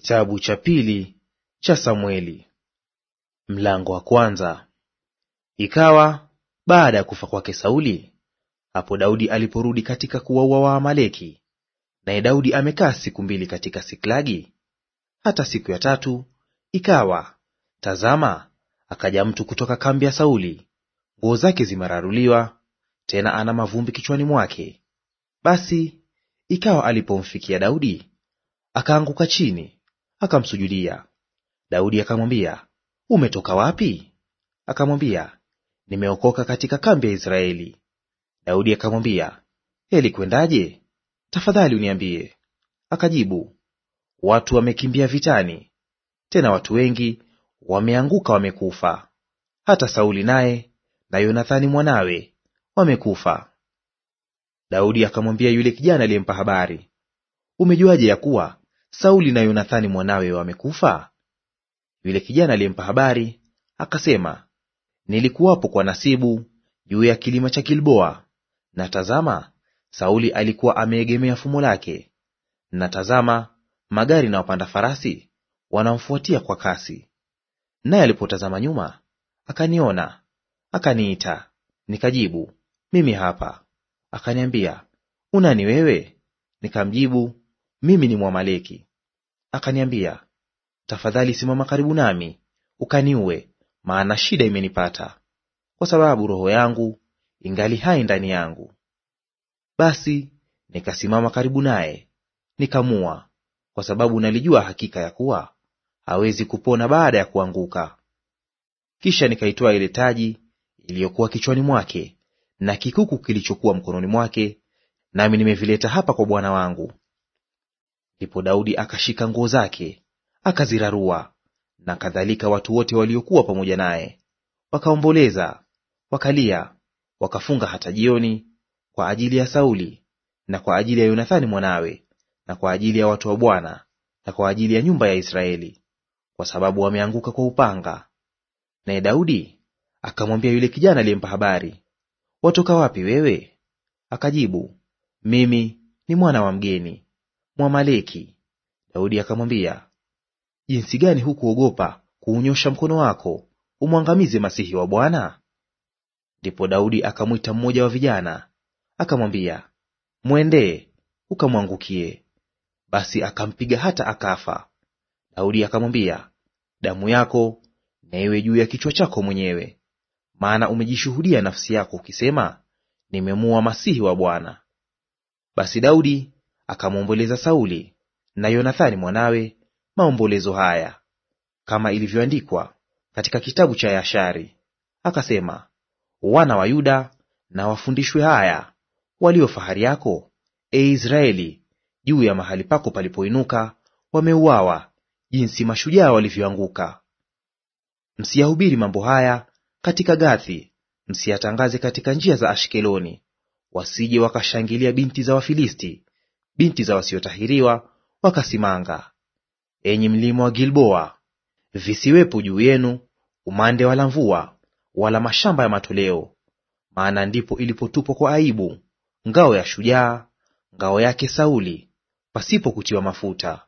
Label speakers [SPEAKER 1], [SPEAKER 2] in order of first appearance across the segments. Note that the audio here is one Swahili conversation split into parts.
[SPEAKER 1] Kitabu cha pili cha Samueli mlango wa kwanza. Ikawa baada ya kufa kwake Sauli, hapo Daudi aliporudi katika kuwaua Waamaleki, naye Daudi amekaa siku mbili katika Siklagi. Hata siku ya tatu ikawa, tazama, akaja mtu kutoka kambi ya Sauli, nguo zake zimeraruliwa, tena ana mavumbi kichwani mwake. Basi ikawa alipomfikia Daudi, akaanguka chini akamsujudia. Daudi akamwambia, umetoka wapi? Akamwambia, nimeokoka katika kambi ya Israeli. Daudi akamwambia, kwendaje Tafadhali uniambie. Akajibu, watu wamekimbia vitani, tena watu wengi wameanguka wamekufa, hata Sauli naye na Yonathani mwanawe wamekufa. Daudi akamwambia yule kijana aliyempa habari, umejuaje ya kuwa Sauli na Yonathani mwanawe wamekufa? Yule kijana aliyempa habari akasema, nilikuwapo kwa Nasibu juu ya kilima cha kilboa na tazama, Sauli alikuwa ameegemea fumo lake, na tazama, magari na wapanda farasi wanamfuatia kwa kasi. Naye alipotazama nyuma, akaniona, akaniita, nikajibu, mimi hapa. Akaniambia, unani wewe? Nikamjibu, mimi ni Mwamaleki. Akaniambia, tafadhali simama karibu nami ukaniue, maana shida imenipata, kwa sababu roho yangu ingali hai ndani yangu. Basi nikasimama karibu naye nikamua, kwa sababu nalijua hakika ya kuwa hawezi kupona baada ya kuanguka. Kisha nikaitoa ile taji iliyokuwa kichwani mwake na kikuku kilichokuwa mkononi mwake, nami nimevileta hapa kwa bwana wangu. Ndipo Daudi akashika nguo zake akazirarua, na kadhalika watu wote waliokuwa pamoja naye, wakaomboleza, wakalia, wakafunga hata jioni kwa ajili ya Sauli na kwa ajili ya Yonathani mwanawe na kwa ajili ya watu wa Bwana na kwa ajili ya nyumba ya Israeli, kwa sababu wameanguka kwa upanga. Naye Daudi akamwambia yule kijana aliyempa habari, watoka wapi wewe? Akajibu, mimi ni mwana wa mgeni, Mwamaleki. Daudi akamwambia, jinsi gani hukuogopa kuunyosha mkono wako umwangamize masihi wa Bwana? Ndipo Daudi akamwita mmoja wa vijana akamwambia, mwendee ukamwangukie. Basi akampiga hata akafa. Daudi akamwambia, damu yako na iwe juu ya kichwa chako mwenyewe, maana umejishuhudia nafsi yako ukisema, nimemua masihi wa Bwana. Basi Daudi akamwomboleza Sauli na Yonathani mwanawe maombolezo haya, kama ilivyoandikwa katika kitabu cha Yashari. Akasema, wana wa Yuda na wafundishwe haya, walio fahari yako, e Israeli, juu ya mahali pako palipoinuka wameuawa, jinsi mashujaa walivyoanguka. Msiyahubiri mambo haya katika Gathi, msiyatangaze katika njia za Ashkeloni, wasije wakashangilia binti za Wafilisti binti za wasiotahiriwa wakasimanga. Enyi mlima wa Gilboa, visiwepo juu yenu umande wala mvua wala mashamba ya matoleo, maana ndipo ilipotupwa kwa aibu ngao ya shujaa, ngao yake Sauli, pasipo kutiwa mafuta.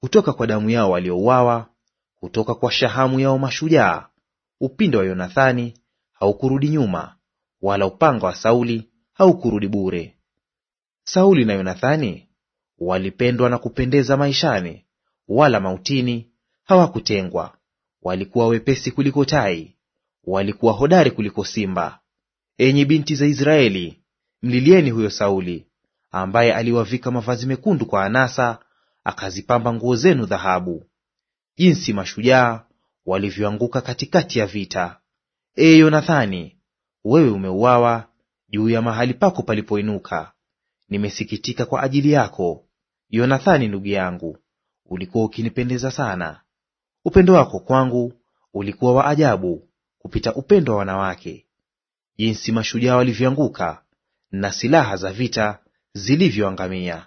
[SPEAKER 1] Kutoka kwa damu yao waliouawa, kutoka kwa shahamu yao mashujaa, upinde wa Yonathani haukurudi nyuma, wala upanga wa Sauli haukurudi bure. Sauli na Yonathani walipendwa na kupendeza maishani, wala mautini hawakutengwa. Walikuwa wepesi kuliko tai, walikuwa hodari kuliko simba. Enyi binti za Israeli, mlilieni huyo Sauli, ambaye aliwavika mavazi mekundu kwa anasa, akazipamba nguo zenu dhahabu. Jinsi mashujaa walivyoanguka katikati ya vita! E Yonathani, wewe umeuawa juu ya mahali pako palipoinuka, nimesikitika kwa ajili yako, Yonathani ndugu yangu, ulikuwa ukinipendeza sana. Upendo wako kwangu ulikuwa wa ajabu kupita upendo wa wanawake, jinsi mashujaa walivyoanguka na silaha za vita zilivyoangamia.